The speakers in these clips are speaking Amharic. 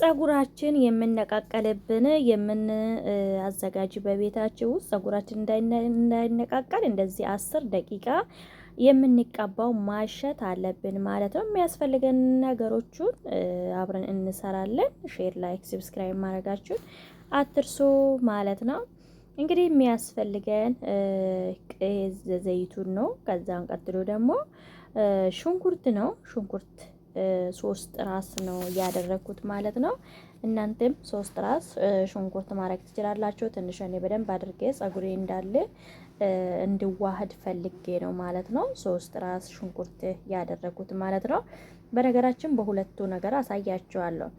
ጸጉራችን የምነቃቀልብን አዘጋጅ በቤታችን ውስጥ ጸጉራችን እንዳይነቃቀል እንደዚህ አስር ደቂቃ የምንቀባው ማሸት አለብን ማለት ነው። የሚያስፈልገን ነገሮቹን አብረን እንሰራለን። ሼር፣ ላይክ፣ ሰብስክራይብ ማድረጋችሁን አትርሱ ማለት ነው። እንግዲህ የሚያስፈልገን ዘይቱን ነው። ከዛን ቀጥሎ ደግሞ ሽንኩርት ነው። ሽንኩርት ሶስት ራስ ነው ያደረኩት ማለት ነው። እናንተም ሶስት ራስ ሽንኩርት ማድረግ ትችላላችሁ። ትንሽ እኔ በደንብ አድርጌ ጸጉሬ እንዳለ እንድዋህድ ፈልጌ ነው ማለት ነው። ሶስት ራስ ሽንኩርት ያደረኩት ማለት ነው። በነገራችን በሁለቱ ነገር አሳያችኋለሁ።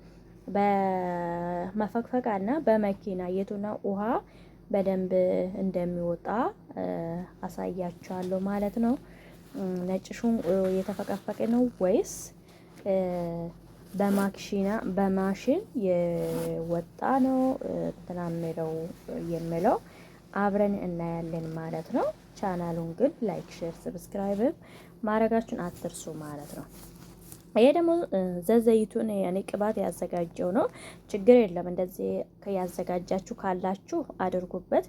በመፈቅፈቃ እና በመኪና የቱና ውሃ በደንብ እንደሚወጣ አሳያችኋለሁ ማለት ነው። ነጭ ሽንኩርት የተፈቀፈቀ ነው ወይስ በማክሽና በማሽን የወጣ ነው ተናምረው የሚለው አብረን እናያለን ማለት ነው። ቻናሉን ግን ላይክ፣ ሼር፣ ሰብስክራይብ ማድረጋችሁን አትርሱ ማለት ነው። ይሄ ደግሞ ዘዘይቱን ያኔ ቅባት ያዘጋጀው ነው። ችግር የለም። እንደዚህ ያዘጋጃችሁ ካላችሁ አድርጉበት።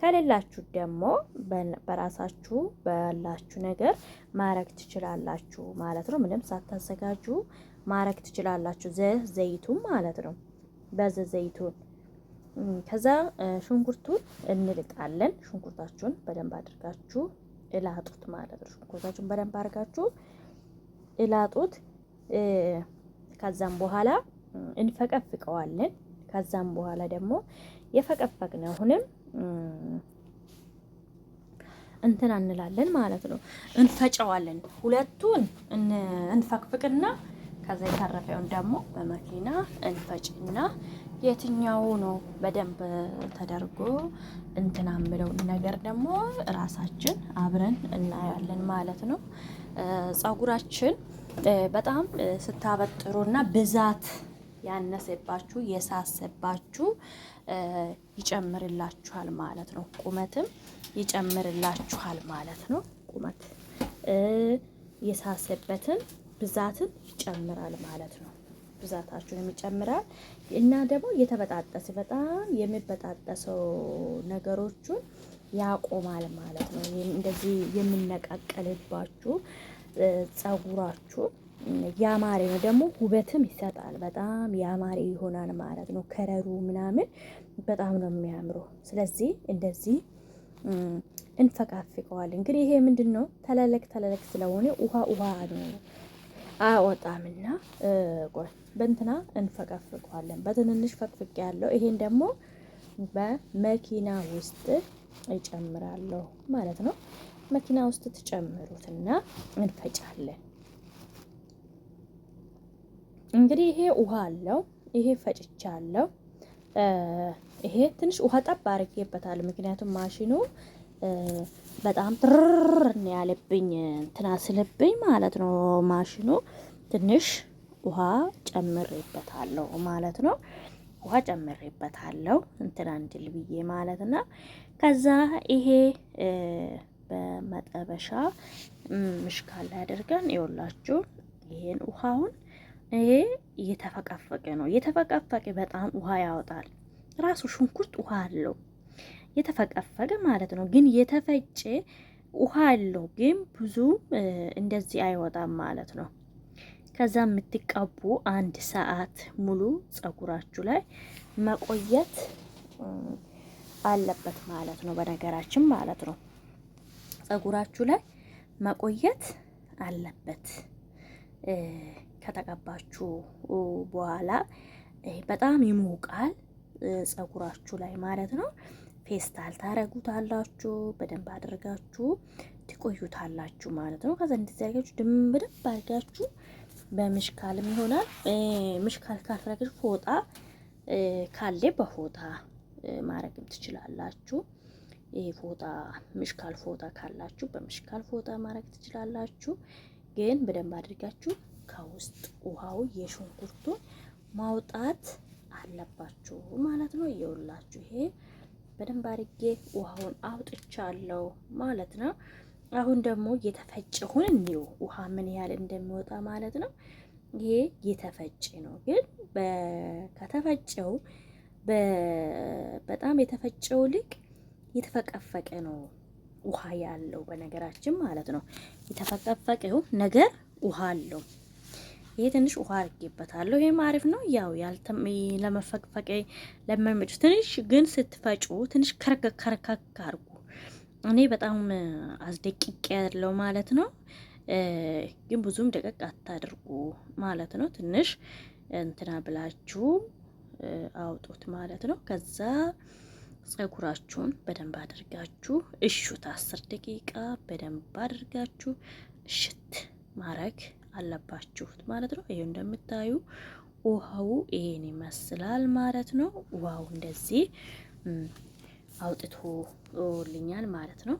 ከሌላችሁ ደግሞ በራሳችሁ ባላችሁ ነገር ማረግ ትችላላችሁ ማለት ነው። ምንም ሳታዘጋጁ ማረግ ትችላላችሁ። ዘ ዘይቱን ማለት ነው። በዘ ዘይቱን ከዛ ሽንኩርቱን እንልጣለን። ሽንኩርታችሁን በደንብ አድርጋችሁ እላጡት ማለት ነው። ሽንኩርታችሁን በደንብ አድርጋችሁ እላጡት። ከዛም በኋላ እንፈቀፍቀዋለን። ከዛም በኋላ ደግሞ የፈቀፈቅነውንም እንትን እንላለን ማለት ነው። እንፈጨዋለን። ሁለቱን እንፈቅፍቅና ከዛ የተረፈውን ደግሞ በመኪና እንፈጭና የትኛው ነው በደንብ ተደርጎ እንትን የምለውን ነገር ደግሞ ራሳችን አብረን እናያለን ማለት ነው። ፀጉራችን በጣም ስታበጥሩና ብዛት ያነሰባችሁ የሳሰባችሁ ይጨምርላችኋል ማለት ነው። ቁመትም ይጨምርላችኋል ማለት ነው። ቁመት የሳሰበትን ብዛትን ይጨምራል ማለት ነው። ብዛታችሁንም ይጨምራል እና ደግሞ የተበጣጠሰ በጣም የሚበጣጠሰው ነገሮቹን ያቆማል ማለት ነው። እንደዚህ የምነቃቀልባችሁ ጸጉራችሁ ያማረ ነው ደግሞ ውበትም ይሰጣል። በጣም ያማረ ይሆናል ማለት ነው። ከረሩ ምናምን በጣም ነው የሚያምረው። ስለዚህ እንደዚህ እንፈቃፍቀዋል። እንግዲህ ይሄ ምንድን ነው ተለለቅ ተለለቅ ስለሆነ ውሃ ውሃ ነው አወጣምና ቆይ በእንትና እንፈቃፍቀዋለን። በትንንሽ ፈቅፍቅ ያለው ይሄን ደግሞ በመኪና ውስጥ እጨምራለሁ ማለት ነው። መኪና ውስጥ ትጨምሩትና እንፈጫለን። እንግዲህ ይሄ ውሃ አለው፣ ይሄ ፈጭቻ አለው። ይሄ ትንሽ ውሃ ጠብ አድርጌበታል፣ ምክንያቱም ማሽኑ በጣም ትርር ያለብኝ እንትና ስለብኝ ማለት ነው። ማሽኑ ትንሽ ውሃ ጨምሬበታለሁ ማለት ነው። ውሃ ጨምሬበታለሁ እንትን እንድል ብዬ ማለት ነው። ከዛ ይሄ በመጠበሻ ምሽካል ላይ አድርገን ይወላችሁ ይሄን ውሃውን ይሄ እየተፈቀፈቀ ነው። እየተፈቀፈቀ በጣም ውሃ ያወጣል። ራሱ ሽንኩርት ውሃ አለው የተፈቀፈቀ ማለት ነው። ግን የተፈጨ ውሃ አለው ግን ብዙ እንደዚህ አይወጣም ማለት ነው። ከዛ የምትቀቡ አንድ ሰዓት ሙሉ ጸጉራችሁ ላይ መቆየት አለበት ማለት ነው። በነገራችን ማለት ነው ጸጉራችሁ ላይ መቆየት አለበት። ከተቀባችሁ በኋላ በጣም ይሞቃል ጸጉራችሁ ላይ ማለት ነው። ፌስታል ታረጉታላችሁ በደንብ አድርጋችሁ ትቆዩታላችሁ ማለት ነው። ከዛ እንደዚህ አድርጋችሁ ድንብ ድንብ አድርጋችሁ በምሽካልም ይሆናል። ምሽካል ካልፈለጋችሁ ፎጣ ካለ በፎጣ ማረግም ትችላላችሁ። ይሄ ፎጣ ምሽካል ፎጣ ካላችሁ በምሽካል ፎጣ ማረግ ትችላላችሁ። ግን በደንብ አድርጋችሁ ከውስጥ ውሃው የሽንኩርቱን ማውጣት አለባችሁ ማለት ነው። እየውላችሁ ይሄ በደንብ አድርጌ ውሃውን አውጥቻለሁ ማለት ነው። አሁን ደግሞ የተፈጨሁን እንዲሁ ውሃ ምን ያህል እንደሚወጣ ማለት ነው። ይሄ የተፈጨ ነው፣ ግን ከተፈጨው በጣም የተፈጨው ልቅ የተፈቀፈቀ ነው ውሃ ያለው በነገራችን ማለት ነው። የተፈቀፈቀው ነገር ውሃ አለው። ይሄ ትንሽ ውሃ አርጌበታለሁ። ይሄም አሪፍ ነው። ያው ያልተም ለመፈቅፈቅ ለመመጭ ትንሽ ግን ስትፈጩ ትንሽ ከርከክ ከርከክ አርጉ። እኔ በጣም አስደቂቅ ያለው ማለት ነው። ግን ብዙም ደቀቅ አታድርጉ ማለት ነው። ትንሽ እንትና ብላችሁ አውጡት ማለት ነው። ከዛ ጸጉራችሁን በደንብ አድርጋችሁ እሹት። አስር ደቂቃ በደንብ አድርጋችሁ እሽት ማረግ አለባችሁት ማለት ነው። ይሄ እንደምታዩ ውሃው ይሄን ይመስላል ማለት ነው። ውሃው እንደዚህ አውጥቶልኛል ማለት ነው።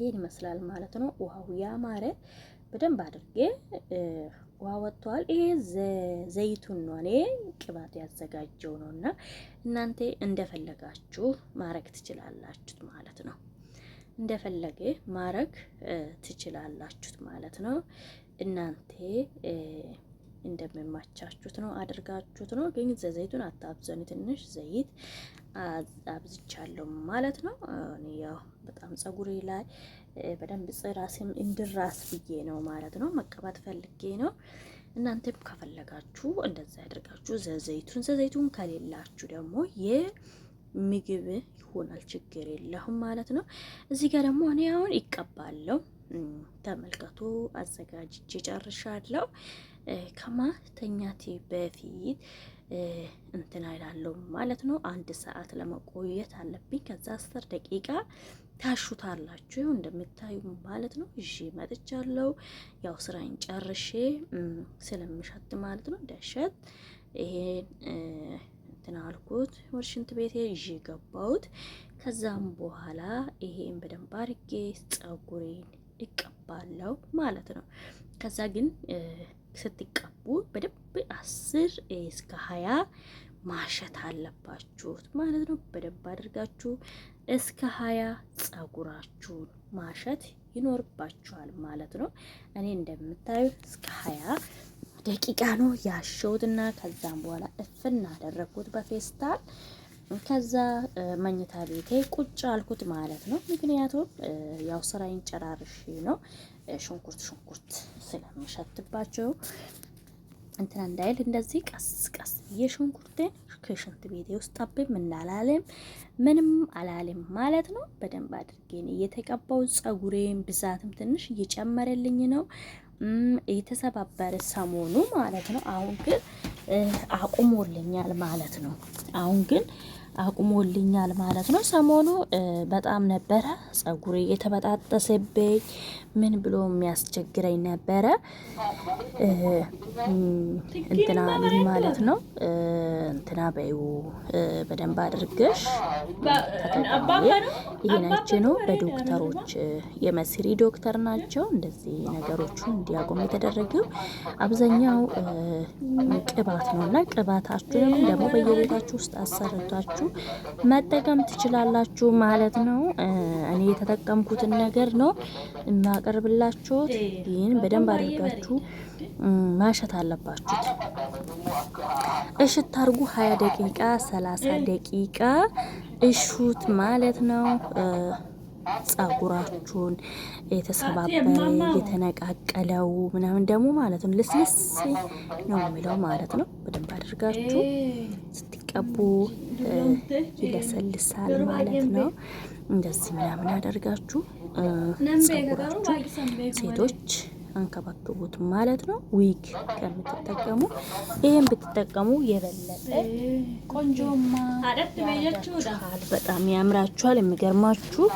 ይሄን ይመስላል ማለት ነው። ውሃው ያማረ በደንብ አድርጌ ውሃ ወጥቷል። ይሄ ዘይቱን ነው እኔ ቅባት ያዘጋጀው ነው እና እናንተ እንደፈለጋችሁ ማረግ ትችላላችሁት ማለት ነው። እንደፈለገ ማረግ ትችላላችሁት ማለት ነው። እናንተ እንደምማቻችሁት ነው አድርጋችሁት ነው። ግን ዘይቱን አታብዘኑ። ትንሽ ዘይት አብዝቻለሁ ማለት ነው። ያው በጣም ጸጉሬ ላይ በደንብ ራሴም እንድራስ ብዬ ነው ማለት ነው፣ መቀባት ፈልጌ ነው። እናንተም ከፈለጋችሁ እንደዛ ያደርጋችሁ ዘዘይቱን ዘዘይቱን ከሌላችሁ ደግሞ የምግብ ይሆናል፣ ችግር የለሁም ማለት ነው። እዚህ ጋር ደግሞ እኔ አሁን ይቀባለሁ ተመልከቱ አዘጋጅቼ ጨርሻለሁ። ከማተኛቴ በፊት እንትን አይላለሁ ማለት ነው። አንድ ሰዓት ለመቆየት አለብኝ። ከዛ አስር ደቂቃ ታሹታላችሁ እንደምታዩ ማለት ነው። ይዤ መጥቻለሁ። ያው ስራዬን ጨርሼ ስለምሸት ማለት ነው። ደሸት ይሄን እንትን አልኩት ወደ ሽንት ቤቴ ይዤ ገባሁት። ከዛም በኋላ ይሄን በደንብ አርጌ ጸጉሬን ይቀባለው ማለት ነው። ከዛ ግን ስትቀቡ በደንብ አስር እስከ ሀያ ማሸት አለባችሁት ማለት ነው። በደንብ አድርጋችሁ እስከ ሀያ ጸጉራችሁን ማሸት ይኖርባችኋል ማለት ነው። እኔ እንደምታዩ እስከ ሀያ ደቂቃ ነው ያሸሁትና ከዛም በኋላ እፍና አደረግኩት በፌስታል ከዛ መኝታ ቤቴ ቁጭ አልኩት ማለት ነው። ምክንያቱም ያው ስራዬን ጨራርሽ ነው ሽንኩርት ሽንኩርት ስለምሸትባቸው እንትና እንዳይል እንደዚህ ቀስ ቀስ ብዬ ሽንኩርቴን ከሽንት ቤቴ ውስጥ አብም እንዳላለም ምንም አላለም ማለት ነው። በደንብ አድርጌን እየተቀባው ጸጉሬን ብዛትም ትንሽ እየጨመረልኝ ነው የተሰባበረ ሰሞኑ ማለት ነው። አሁን ግን አቁሞልኛል ማለት ነው። አሁን ግን አቁሞልኛል ማለት ነው። ሰሞኑ በጣም ነበረ ጸጉሬ የተበጣጠሰብኝ ምን ብሎ የሚያስቸግረኝ ነበረ እንትና ማለት ነው እንትና በዩ በደንብ አድርገሽ ይሄ ነው። በዶክተሮች የመስሪ ዶክተር ናቸው እንደዚህ ነገሮቹ እንዲያቆም የተደረገው አብዛኛው ቅባት ነው እና ቅባታችሁንም ደግሞ በየቤታችሁ ውስጥ አሰርቷችሁ ገብታችሁ መጠቀም ትችላላችሁ ማለት ነው። እኔ የተጠቀምኩትን ነገር ነው የማቀርብላችሁ። ይህን በደንብ አድርጋችሁ ማሸት አለባችሁት እሽት አድርጉ። ሀያ ደቂቃ ሰላሳ ደቂቃ እሹት ማለት ነው። ጸጉራችሁን የተሰባበረ የተነቃቀለው ምናምን ደግሞ ማለት ነው ልስልስ ነው የሚለው ማለት ነው። በደንብ አድርጋችሁ እየቀቡ ይለሰልሳል ማለት ነው። እንደዚህ ምናምን አደርጋችሁ ጸጉራችሁ ሴቶች አንከባክቡት ማለት ነው። ዊግ ከምትጠቀሙ ይህን ብትጠቀሙ የበለጠ ቆንጆማ በጣም ያምራችኋል። የሚገርማችሁ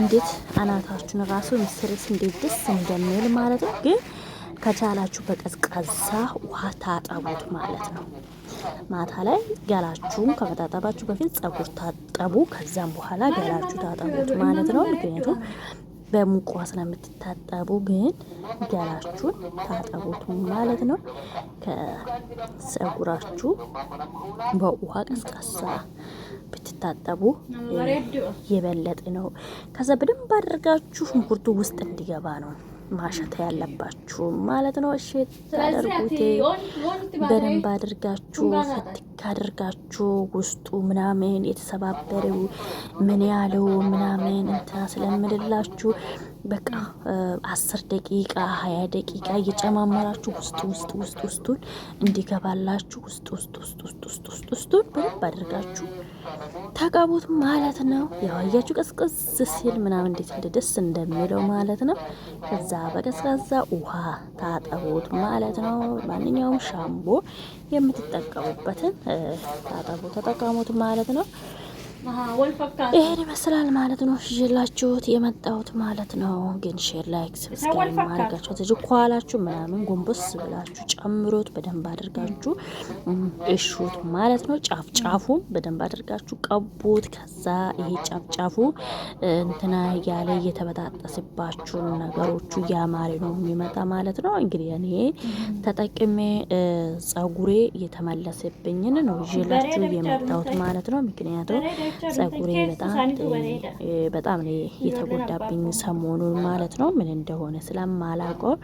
እንዴት አናታችሁን ራሱ ምስርስ እንዴት ደስ እንደሚል ማለት ነው። ግን ከቻላችሁ በቀዝቃዛ ውሃ ታጠቡት ማለት ነው። ማታ ላይ ገላችሁን ከመታጠባችሁ በፊት ጸጉር ታጠቡ። ከዛም በኋላ ገላችሁ ታጠቡት ማለት ነው። ምክንያቱም በሙቋ ስለምትታጠቡ ግን ገላችሁን ታጠቡት ማለት ነው። ከጸጉራችሁ በውሃ ቀዝቃዛ ብትታጠቡ የበለጠ ነው። ከዛ በደንብ አድርጋችሁ ሽንኩርቱ ውስጥ እንዲገባ ነው ማሸት ያለባችሁ ማለት ነው። እሺ ታደርጉት በደንብ አድርጋችሁ አድርጋችሁ ውስጡ ምናምን የተሰባበረው ምን ያለው ምናምን እንትና ስለምልላችሁ በቃ አስር ደቂቃ ሀያ ደቂቃ እየጨማመራችሁ ውስጡ ውስጥ ውስጥ ውስጡን እንዲገባላችሁ ውስጥ ውስጥ ውስጥ ውስጥ ውስጥ ውስጥ ውስጡን በደንብ አድርጋችሁ ተቀቡት ማለት ነው። የዋያችሁ ቀዝቀዝ ሲል ምናምን እንዴት እንደደስ እንደሚለው ማለት ነው። ከዛ በቀዝቃዛ ውሃ ታጠቡት ማለት ነው። ማንኛውም ሻምቦ የምትጠቀሙበትን ታጠቡ፣ ተጠቀሙት ማለት ነው። ይሄን ይመስላል ማለት ነው ይዤላችሁት የመጣሁት ማለት ነው። ግን ሼር፣ ላይክ፣ ሰብስክራይብ ማድረጋችሁ ተዚ ምናምን ጎንበስ ብላችሁ ጨምሮት በደንብ አድርጋችሁ እሹት ማለት ነው። ጫፍ ጫፉ በደንብ አድርጋችሁ ቀቡት። ከዛ ይሄ ጫፍ ጫፉ እንትና ያለ እየተበጣጠስባችሁ ነገሮቹ ያማሪ ነው የሚመጣ ማለት ነው። እንግዲህ እኔ ተጠቅሜ ጸጉሬ እየተመለሰብኝን ነው ይዤላችሁ የመጣሁት ማለት ነው። ምክንያቱም ጸጉሬ በጣም በጣም ነው የተጎዳብኝ ሰሞኑን ማለት ነው። ምን እንደሆነ ስለማላውቀው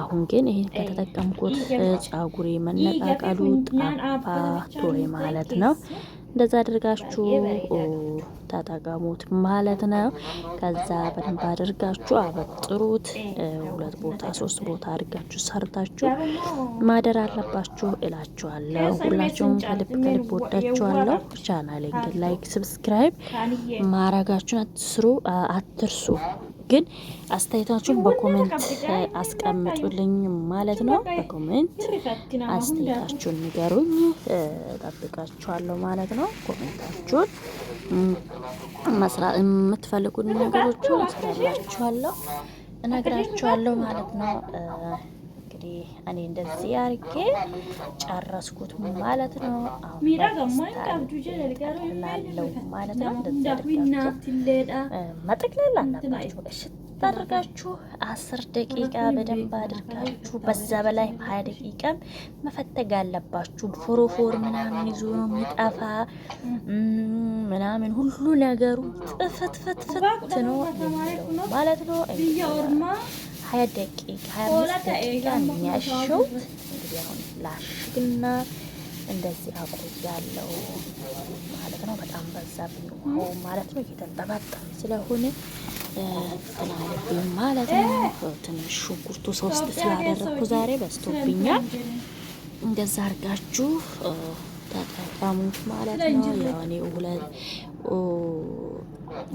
አሁን ግን ይሄን ከተጠቀምኩት ጸጉሬ መነቃቀሉ ጣፋ ቶሬ ማለት ነው። እንደዛ አድርጋችሁ ተጠቀሙት ማለት ነው። ከዛ በደንብ አድርጋችሁ አበጥሩት። ሁለት ቦታ ሶስት ቦታ አድርጋችሁ ሰርታችሁ ማደር አለባችሁ እላችኋለሁ። ሁላችሁም ከልብ ከልብ ወዳችኋለሁ። ቻናሌን ላይክ፣ ሰብስክራይብ ማረጋችሁን አትስሩ አትርሱ። ግን አስተያየታችሁን በኮሜንት አስቀምጡልኝ ማለት ነው። በኮሜንት አስተያየታችሁን ንገሩኝ፣ ጠብቃችኋለሁ ማለት ነው። ኮሜንታችሁን መስራት የምትፈልጉን ነገሮችን አስራላችኋለሁ፣ እነግራችኋለሁ ማለት ነው። እንግዲህ እኔ እንደዚህ አርጌ ጨረስኩት ማለት ነው። ላለው ማለት ነው። መጠቅለል አለባችሁ። እሽት አድርጋችሁ አስር ደቂቃ በደንብ አድርጋችሁ በዛ በላይ ሀያ ደቂቃም መፈተግ አለባችሁ። ፎሮፎር ምናምን ይዞ ነው የሚጠፋ ምናምን ሁሉ ነገሩ ጥፍትፍትፍት ነው ማለት ነው። ሀያ ደቂቃ ሀያ አምስት ደቂቃ የሚያሸው እንግዲህ አሁን ላሽግና እንደዚህ አቆያለው ማለት ነው። በጣም በዛብኝ ውሃው ማለት ነው። እየተንጠባጠብ ስለሆነ ስላለብኝ ማለት ነው። ትንሽ ሽንኩርቱ ሶስት ስላደረግኩ ዛሬ በዝቶብኛል። እንደዛ አርጋችሁ ተጠቀሙት ማለት ነው። የሆኔ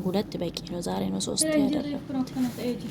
ሁለት በቂ ነው። ዛሬ ነው ሶስት ያደረግኩት።